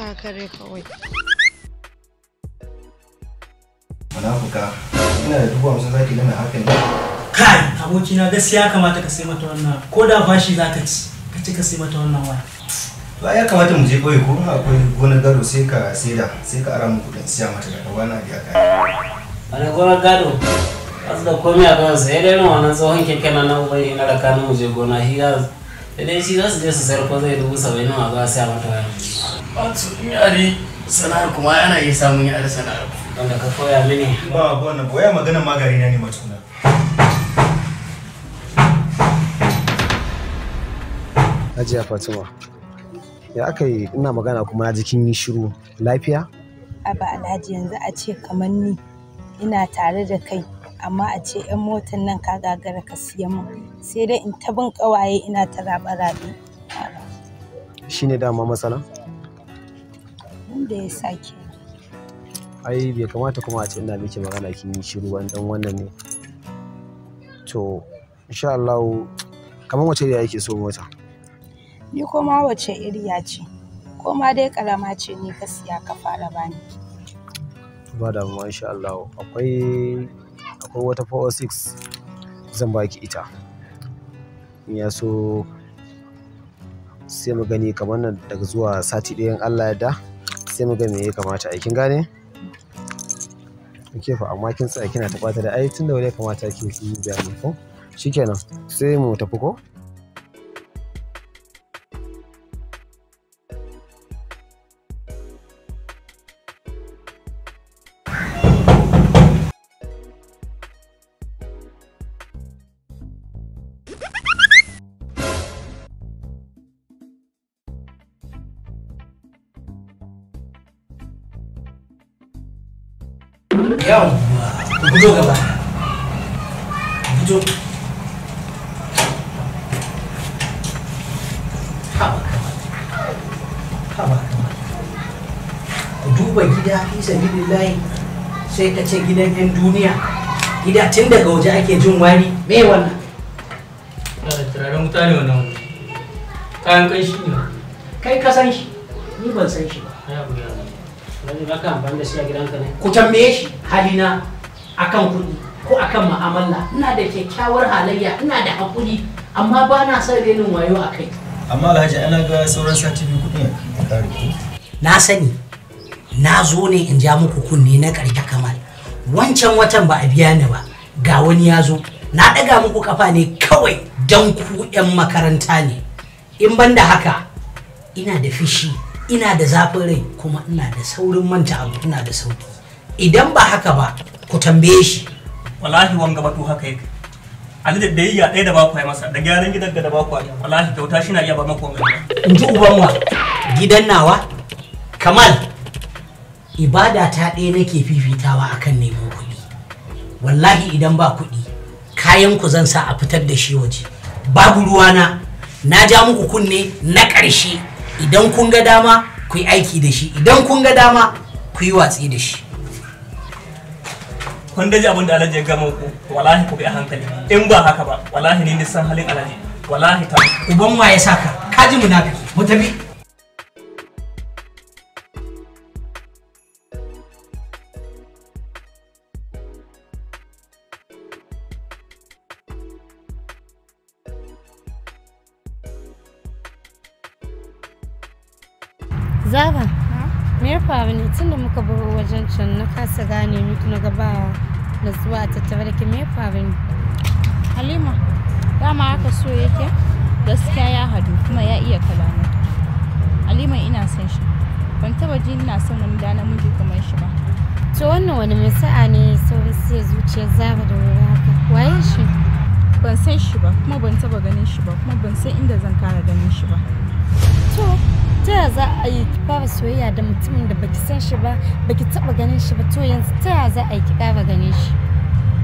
kakare kawai munafuka ina da dubu hamsin zaki gana hakan ne kai abokina gaskiya kamata ka sai mata wannan ko da bashi zaka ci ka ci ka sai mata wannan To ba ya kamata mu je ƙauye ko akwai gonar gado sai ka saida sai ka ara mu kuɗin siya mata wani abu ya kai. wani gonar gado wasu da komai a kan sai dai wannan tsohon keke na na ubai na da kanin mu je gona hiya da dai shi za su je su sayar ko zai dubu saba'in ma za a siya mata waya wato in yare sana'ar kuma ana iya samun yare sana'ar wanda ka koya mini ba wannan koya magana magari na ne matuna Hajiya Fatima ya aka yi ina magana kuma na jikin yi shiru lafiya? Aba Alhaji yanzu a ce kamar ni ina tare da kai amma a ce 'yan motan nan ka gagara ka siya min sai dai in ta bin ƙawaye ina ta rabe-rabe. Shi ne dama matsala? da ya sake ai bai kamata kuma a ce ina miki magana kin yi shiru an dan wannan ne to insha Allah kamar wace iriya yake so mota ni koma wace iriya ce koma dai karama ce ni gaskiya ka fara bani ba da mu insha Allah akwai akwai wata 406 zan baki ita in ya so sai mu gani kamar nan daga zuwa sati ɗayan Allah ya da sai mu ga me ya kamata a kin gane kike fa amma kin tsaya kina ta da ai tunda wani kamata ki yi bayani ko shikenan sai mu tafi ko yawwa ku duba gida fi sabilillahi sai ka ce gidan yan duniya ake jin wari me wannan ne kai ka san shi ni ban san shi ba ku tambaye shi halina akan kuɗi ko akan ma'amala ina da kyakkyawar halayya ina da hakuri amma ba na son renin wayo a kai amma alhaji ana ga sauran sati biyu na sani na zo ne in ja muku kunne na ƙarshe kamal wancan watan ba a biya ni ba ga wani ya zo na daga muku kafa ne kawai dan ku 'yan makaranta ne in ban da haka ina da fishi ina da zafin rai kuma ina da saurin manta abu ina da sauki idan ba haka ba ku tambaye shi wallahi wanga batu haka yake ali da ya dai da bakwai masa da gyaran gidan da bakwai wallahi kyauta shi na iya ba maka wanga in ji uban wa gidan nawa kamal ibada ta ɗaya nake fifitawa akan neman kuɗi wallahi idan ba kuɗi kayan ku zan sa a fitar da shi waje babu ruwana na ja muku kunne na ƙarshe idan kun ga dama ku yi aiki da shi idan kun ga dama ku yi watsi da shi kun daji abin da alhaji ya gama ku wallahi ku bi a hankali in ba haka ba wallahi ni nisan halin alhaji wallahi ta uban waye saka kaji munafiki mu tafi gane ni tuna ga na zuwa a tattare da ke me faru ne halima dama haka so yake gaskiya ya hadu kuma ya iya kalama halima ina son shi ban taba ji ina son wani da namiji kamar shi ba to wannan wani mai sa'a ne saurin siya zuciyar zaba da wuri haka waye shi ban san shi ba kuma ban taba ganin shi ba kuma ban san inda zan kara ganin shi ba to ta ya za a yi ki fara soyayya da mutumin da baki san shi ba baki taba ganin shi ba to yanzu ta ya za a yi ki kara ganin shi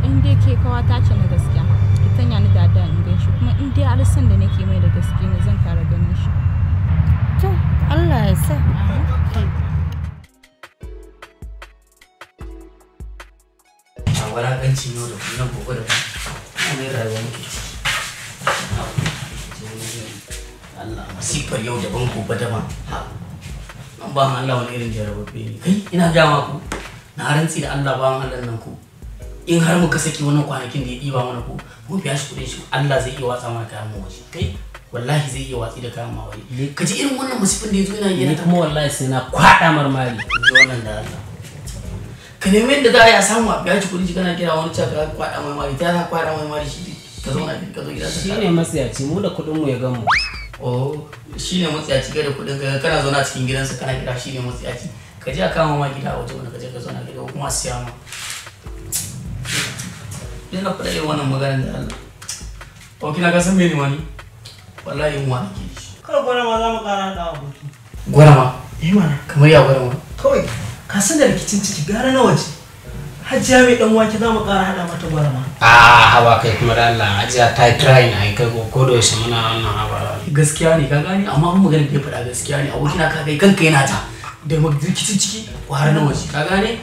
in dai ke kawa ta ce na gaskiya ki tanya ni da da in gan shi kuma in dai har san da nake mai da gaske ne zan kara ganin shi to Allah ya sa a kan yau da kullum gobe da kuma rayuwar ki Allah masifar yau daban gobe daban ha an ba Allah wani irin jarababbe ne kai ina gama ku na rantsi da Allah ba Allah nan ku in har muka saki wani kwanakin da ya diba mana ku mu biya shi kudin shi Allah zai iya watsa mana kayan mu waje kai wallahi zai iya watsi da kayan ma waje ka ji irin wannan musifin da ya zo yana yi na kuma wallahi sai na kwada marmari ji wannan da Allah ka nemi yadda za a yi a samu a biya shi kudin shi kana kira wani ka kwaɗa marmari ta za kwaɗa marmari shi ka na ka zo gida shi ne masayaci mu da kuɗin mu ya gamu oh shi ne matsiyaci kai da kuɗin ka kana zauna cikin gidansa kana gida shi ne ciki ka je a kama ma gida a waje wani ka je ka zauna gida ko kuma siya ma ina faɗa irin wannan maganar da Allah ko kina ga san me wani wallahi mu wani ke shi kar gwara ma za mu kara da aboki gwara ma eh mana kamar ya gwara ma kawai ka san da rikicin ciki gara na waje hajjiya mai dan wake za mu ƙara hada mata gwarama. Ah hawa kai kuma da Allah Hajiya ta try na kai ko ko da yaushe muna wannan hawa. Gaskiya ne ka gani amma mun magana da faɗa gaskiya ne abokina ka kai kanka yana ta da rikicin ciki kwara na waje ka gane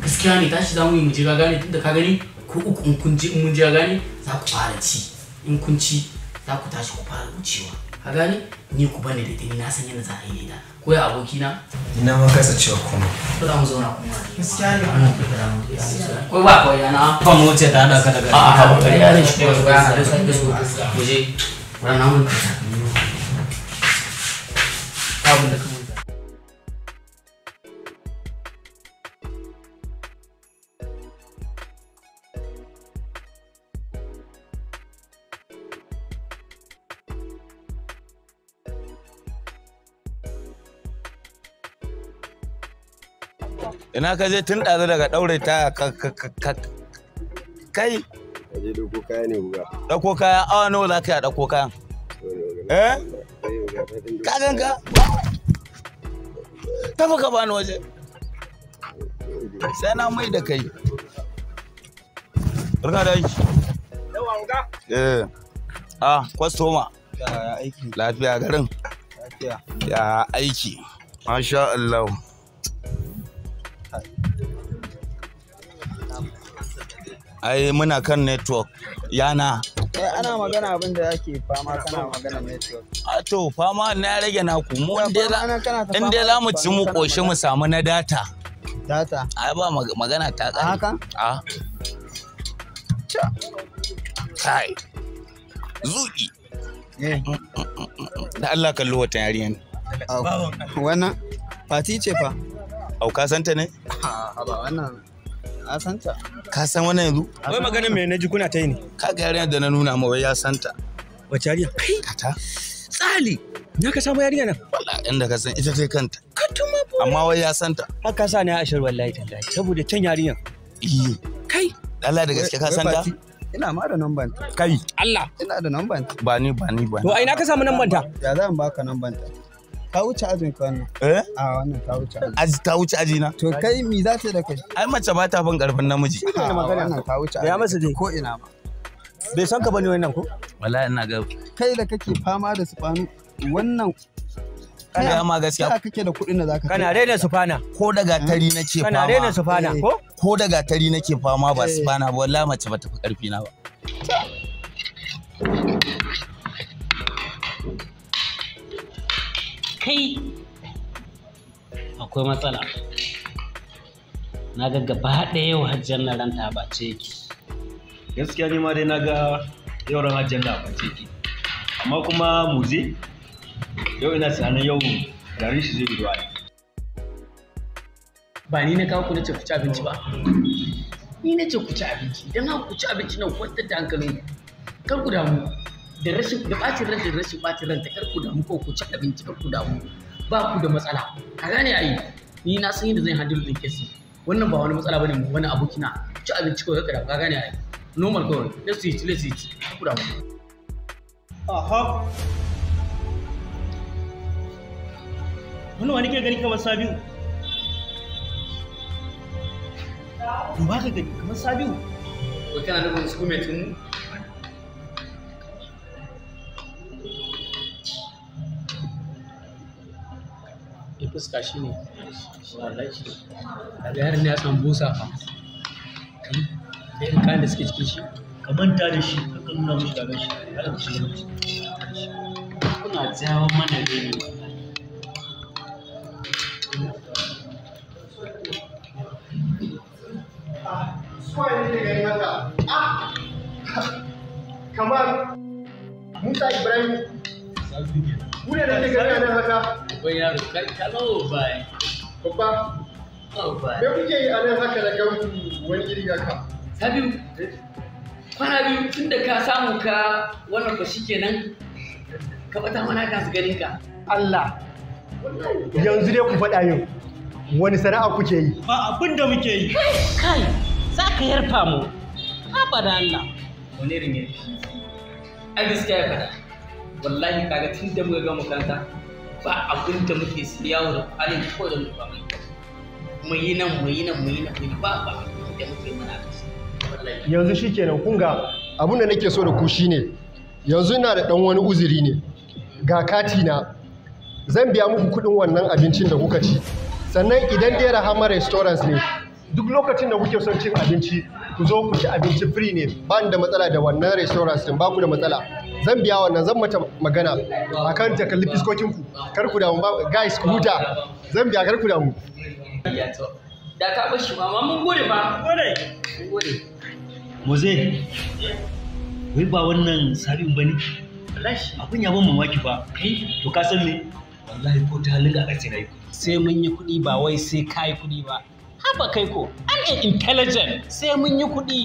gaskiya ne tashi za mu yi mu je ka gane tunda ka gani ko uku in kun je in mun je ka gane za ku fara ci in kun ci za ku tashi ku fara wucewa. a gani ni ku bane da tini na san yadda za a yi da ko ya aboki na ina ma kasa cewa kuma ko za mu zauna kuma gaskiya ne ana ku da mu ko ba ko yana fa mu ce da ka daga a ha ba ya ne shi ko ba na da san da su mu je wannan mun ta abin da kuma ina ka je tun ɗazu daga ɗaure ta kai ɗauko kaya ne ɗauko kaya awa nawa za ka yi a ɗauko kayan eh ka ganka tafi ka bani waje sai na mai da kai Barka da aiki. Yawa ga? Eh. Ah, kwastoma. Ya aiki. Lafiya garin. Lafiya. Ya aiki. Masha Allah. ai muna kan network yana eh, ana magana abin da ake fama kana magana network a ah, to fama na rage na ku mu in dai za mu ci mu koshi mu samu na data data ai ba magana ta tsari haka a kai zuki eh. mm, mm, mm, da Allah kallo wata yariyan wannan fati ce fa au ka santa ne a ba wannan Na santa. Ka san wannan yanzu? Wai maganin mai na ji kuna ta yi ne? Ka ga yarinya da na nuna ma wai ya santa. Wace yarinya? Kai. Kata. Tsali. Na ka samu yarinya nan? Wala inda ka san ita ce kanta. Ka tuma Amma wai ya santa. ka sa a ashir wallahi tallahi saboda can yarinya. Iyi. Kai. Allah da gaske ka santa? Ina ma da namban ta. Kai. Allah. Ina da namban ta. Ba ni ba ni ba. To ai na ka samu namban ta. Ya zan baka namban ta. ka wuce ajin ka wannan eh a wannan ka wuce aji ta wuce aji na to kai mi za ta da kai ai mace ba ta bin karfin namiji ne magana nan ka wuce ya masa dai ko ina ba bai san ka bane wannan ko wallahi ina ga kai da kake fama da sufanu wannan kana ma gaskiya kake da kuɗin da zaka kana rena sufana ko daga tari eh. nake fama kana rena sufana eh. ko ko daga tari nake fama ba eh. sufana ba wallahi mace ba ta fi karfi na ba kai akwai matsala na ga gaba ɗaya yau hajjan na ranta ba ce yake gaskiya ne ma dai na ga yau ran hajjan na ba ce yake amma kuma Muzi yau ina tsanin yau garin shi zai gudu ba ni na kawo ku na ce ku ci abinci ba ni na ce ku ci abinci idan haka ku ci abinci nan kwantar da hankalin kan ku damu da rashin da bacin ran da rashin bacin ran ta karku damu ko ku ci abinci karku damu ba ku da matsala ka gane ai ni na san yadda zan handle din kesi wannan ba wani matsala bane wani abokina ci abinci kawai ka ka gane ai normal kawai let's eat let's eat ku damu aha wani wani ke gani kamar sabiu ba ka gani kamar sabiu ko kana nufin su kuma tun fuska shi ne wallahi daga ne ya san busa fa da kan da suke cikin shi ka manta da shi ka nuna mu daga shi har ku shi kuna jawo mana ne ah! kamar Musa Ibrahim, mu ne da ke gani a nan haka banyaru kai kalau yi. babba me kuke yi a nan haka da gautu wani iri ga ka sabiu eh? kwana biyu tun da ka samu ka wannan ko shikenan ka bata mana ka su ganin ka Allah yanzu dai ku faɗa yau. wani sana'a kuke yi ba abin da muke yi kai za ka yarfa mu ba da Allah wani irin yarfi a gaskiya ya ka wallahi kaga tun da muka ga makaranta ba abin da muke siya wa kwalin da mu ba mu yi nan mu yi nan mu yi nan ba ba da muke mana yanzu shikenan kun ga abin da nake so da ku shine yanzu ina da ɗan wani uzuri ne ga kati na zan biya muku kuɗin wannan abincin da kuka ci sannan idan dai rahama restaurants ne duk lokacin da kuke son cin abinci ku zo ku ci abinci free ne ba da matsala da wannan restaurants din ba ku da matsala zan biya wannan zan mata magana a kan takalli fiskokinku kar ku damu ba guys ku huta zan biya kar ku damu da ka bashi ba ma mun gode ba gode gode wai ba wannan sabin bane lashi abun ya ban mamaki ba to ka san me wallahi ko ta halin ga ce na yi sai mun yi kuɗi ba wai sai kai kuɗi ba haba kai ko an intelligent sai mun yi kuɗi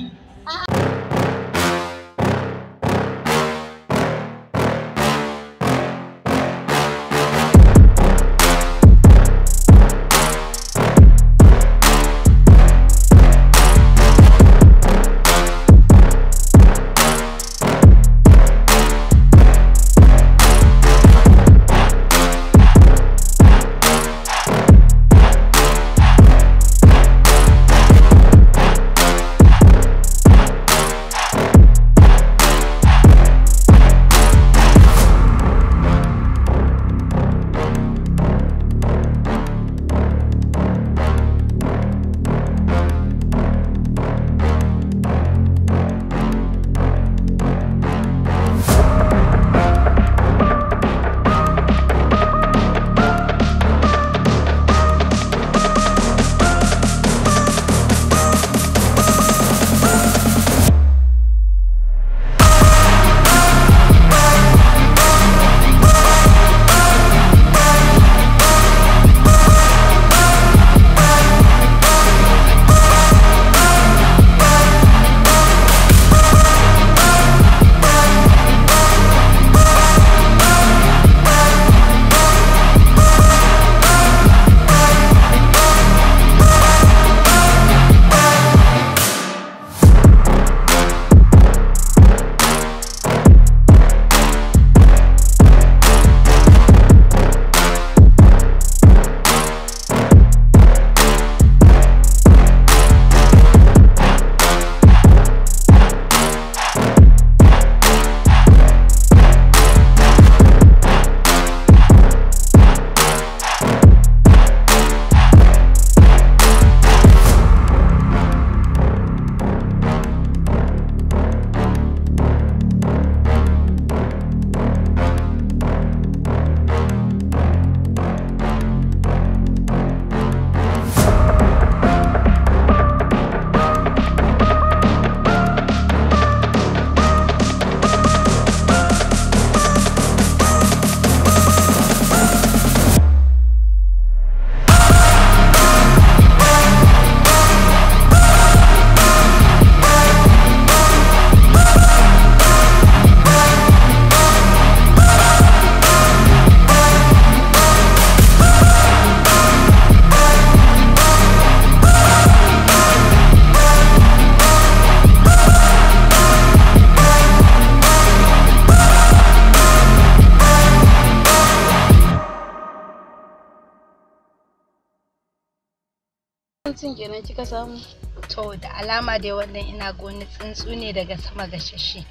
tsuntsun kenan kika samu to da alama dai wannan ina goni tsuntsu ne daga sama shashi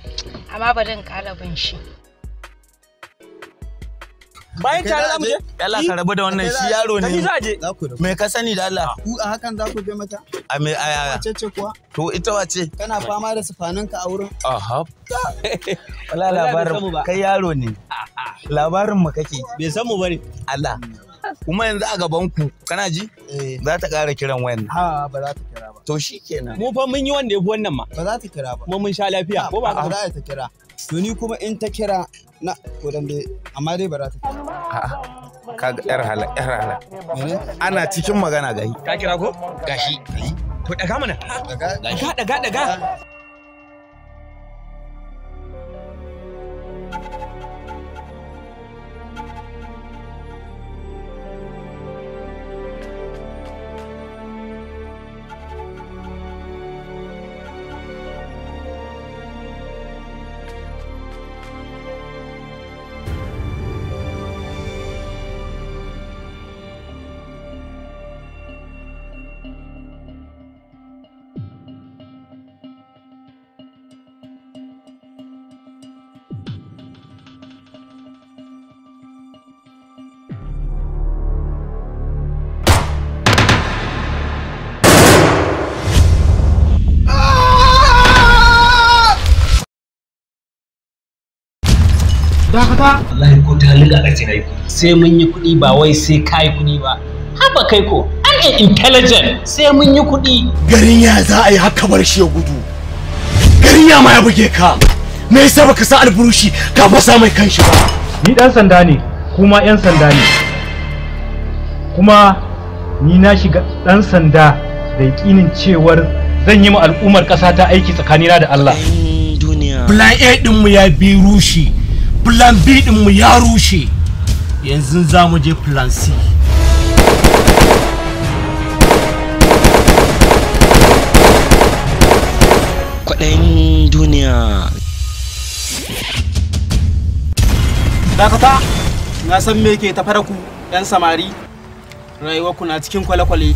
amma bari in ƙara bin shi bayan tare da mu je Allah ka rabu da wannan shi yaro ne me ka sani da Allah ku a hakan za ku je mata a me a wace ce kuwa to ita wace kana fama da sufanin ka a wurin aha wala labarin kai yaro ne labarin mu kake bai san mu bane Allah kuma yanzu a gaban ku kana ji eh. za ta kara kiran wayan ha ba za ta kira ba to shikenan mu fa mun yi wanda yafi wannan ma ba za ta kira ba kuma mun sha lafiya ko ba za ta kira to ni kuma in ta kira na ko dan dai amma dai ba za ta kira a'a ga yar hala yar hala ana cikin magana gashi ka kira ko gashi to daga mana daga daga daga fa wallahi ko ta linga da sai nayi sai mun yi kuɗi ba wai sai kai kuɗi ba haba kai ko an a intelligent sai mun yi kuɗi garin ya za a yi haka bar shi ya gudu garin ya ma ya buge ka me yasa baka sa alburushi ka fasa mai kanshi ba ni dan sanda ne kuma yan sanda ne kuma ni na shiga dan sanda da yakinin cewar zan yi ma al'ummar ƙasa ta aiki tsakanina da Allah. Plan A ɗinmu ya bi rushi plan b mu ya rushe yanzu za mu je plan c kwaɗayin duniya dakata na san me ke tafara ku 'yan samari rayuwa ku na cikin kwale-kwale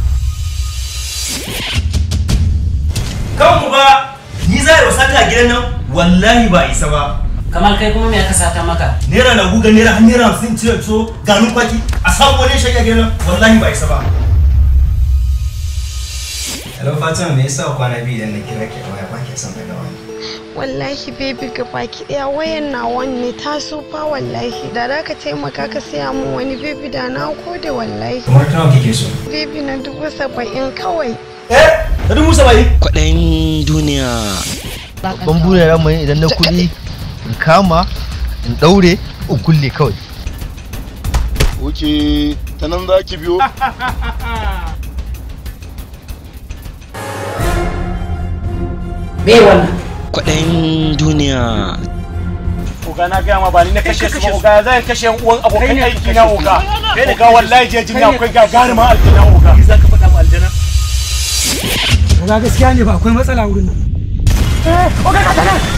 kanku ba ni za a yi gidan nan wallahi ba isa ba kamar kai kuma me ka sata maka naira na guga naira har naira hamsin ce so ganin kwaki a samu wani shage gina wallahi ba isa ba hello fatima me yasa kwana biyu idan na kira ki a waya ba ki san daga wani wallahi baby ga baki daya wayan na wanne ta sufa wallahi da za ka taimaka ka siya mun wani baby da na kode wallahi kamar ta kike so baby na dubu saba'in kawai eh da dubu saba'in kwaɗayin duniya babban burin mu idan na kuɗi in kama in daure in kulle kawai wuce ta nan za ki biyo wannan kwaɗayin duniya oga na gaya ma ba ni na kashe su oga ya zai kashe uwan abokan aiki na oga oga wallahi je jinya akwai gagarima aljina oga za ka faɗa ma aljina oga gaskiya ne ba akwai matsala wurin nan eh, oga ka tana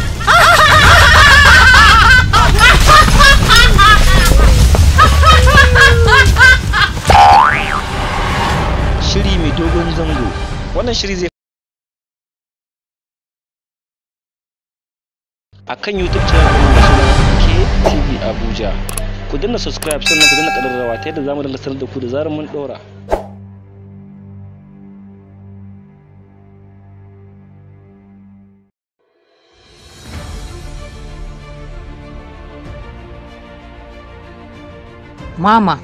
shiri mai dogon zango wannan shiri zai a kan youtube channel mai suna ktv abuja ku dinna subscribe sannan ku dinna ƙararrawa ta yadda zamu dinga da ku da zarar mun ɗora Mama,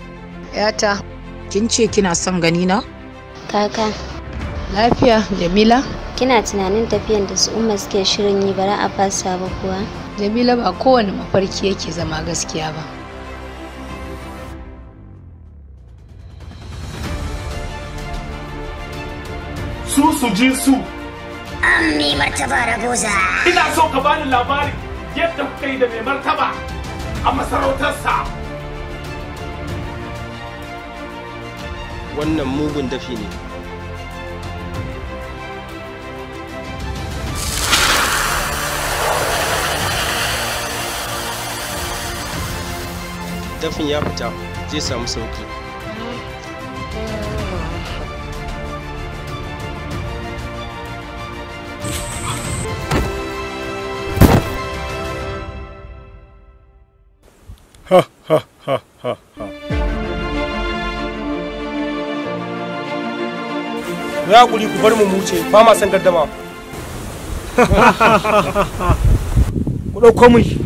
‘yata, kin ce kina son gani na? Kaka. Lafiya, Jamila? Kina tunanin tafiyan da su umma suke shirin yi bara a fasa ba kuwa? Jamila ba kowane mafarki yake zama gaskiya ba. Su su ji su. An mi martaba ragoza. Ina so ka bani labari yadda kuka yi da mai martaba a masarautarsa. wannan mugun dafi ne dafin ya fita zai samu sauki hakuri ku bar mu wuce ba ma san gardama ku ɗauko mu shi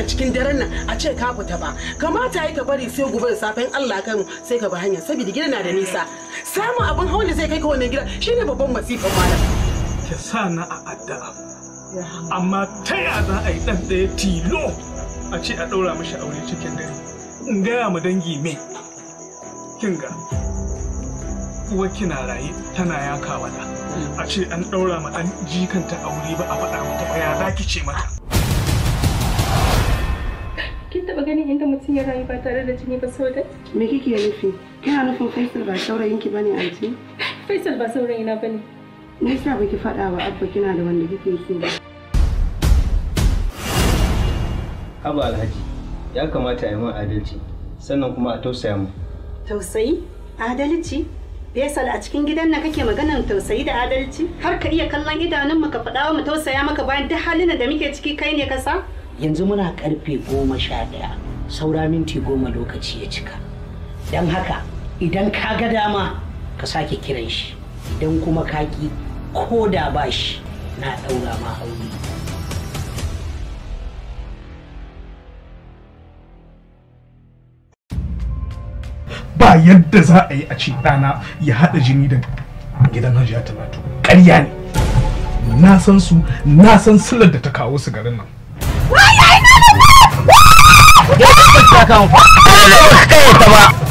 magana cikin daren nan a ce ka fita ba kamata yi ka bari sai gobe da safen Allah kan sai ka bi hanya saboda gidan na da nisa samun abin hawa da zai kai ka wannan gida shine babban masifan malam ke sa na a addu'a amma ta ya za a yi dan ɗaya tilo a ce a ɗaura mishi aure cikin dare in gaya mu dangi me kin ga uwa kina raye tana yaka a ce an ɗaura ma an jikanta aure ba a faɗa mata ba ya za ki ce mata kin taba ganin inda mutum ya rayu ba tare da jini ba saboda me kike nufi kina nufin faisal ba saurayin ki bane anti faisal ba saurayina bane me yasa baki fada wa abba kina da wanda kike so ba haba alhaji ya kamata a yi min adalci sannan kuma a tausaya mu tausayi adalci Faisal a cikin gidan nan kake maganar tausayi da adalci har ka iya kallon idanun mu ka faɗa wa mu tausaya maka bayan duk halin da muke ciki kai ne ka sa yanzu muna karfe goma sha ɗaya saura minti goma lokaci ya cika don haka idan ka ga dama ka sake kiran shi idan kuma kaki ko da ba shi na ɗaura ma aure ba yadda za a yi a ce ɗana ya haɗa jini da gidan hajiya talatu ƙarya ne na san su na san silar da ta kawo su garin nan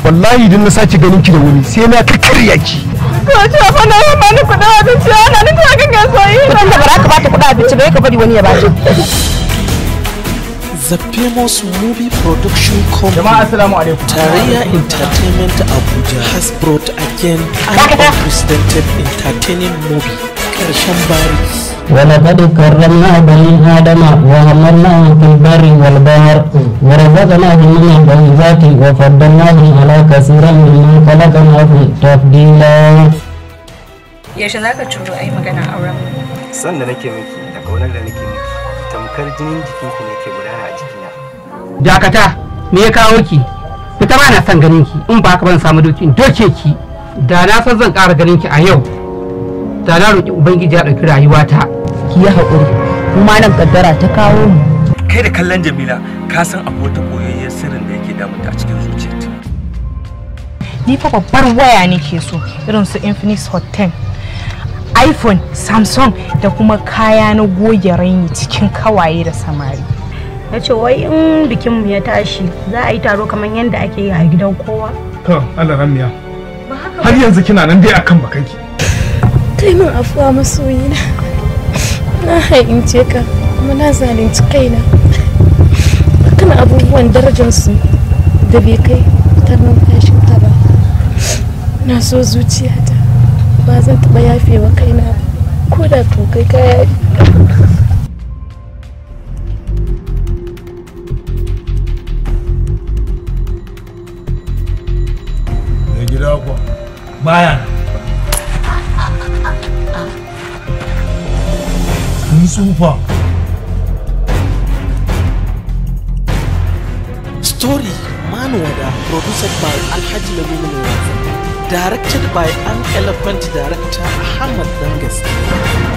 wallahi idan na sace ganin ki da wuri sai na kakkarya ki Ko ce fa na yi mani da abinci ana nan ta gangan soyi kudin da ba ka bata kudin abinci bai ka bari wani ya bata The famous movie production company Tariya Entertainment Abuja has brought again an unprecedented entertaining movie ƙarshen baris ولقد كرمنا بني آدم وحملناهم في البر والبحر ورزقناهم من الطيبات وفضلناهم على كثيرا ممن خلقنا في تفضيلا yaushe za ka ciro a yi magana auren san da nake miki da kaunar da nake miki tamkar jinin jikinku ne ke gudana a jikina dakata me ya kawo ki fita bana son ganin ki in ba ka ban samu doki doke ki da na san zan ƙara ganin ki a yau da na roƙi ubangiji ya ɗauki rayuwata ki yi haƙuri kuma nan kaddara ta kawo mu kai da kallon jamila ka san akwai wata koyayyen sirrin da yake damunta a cikin zuciyarta ni fa babbar waya ke so irin su infinix hot 10 iphone samsung da kuma kaya na goge raini cikin kawaye da samari ya ce wai in bikinmu ya tashi za a yi taro kamar yadda ake yi a gidan kowa to allah ramiya har yanzu kina nan dai akan bakanki kai min afuwa masoyina na haince ka kuma na zalunci kaina kan abubuwan darajarsu da bai kai ta numfashinka ba na so zuciya ta ba zan taɓa yafewa kaina ba ko da to kai kaya directed by an elephant director Ahmad Dangas.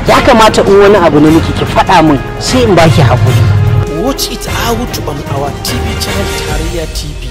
Ya kamata in wani abu ne miki ki faɗa min sai in baki haƙuri. Watch it out on our TV channel Tariya TV.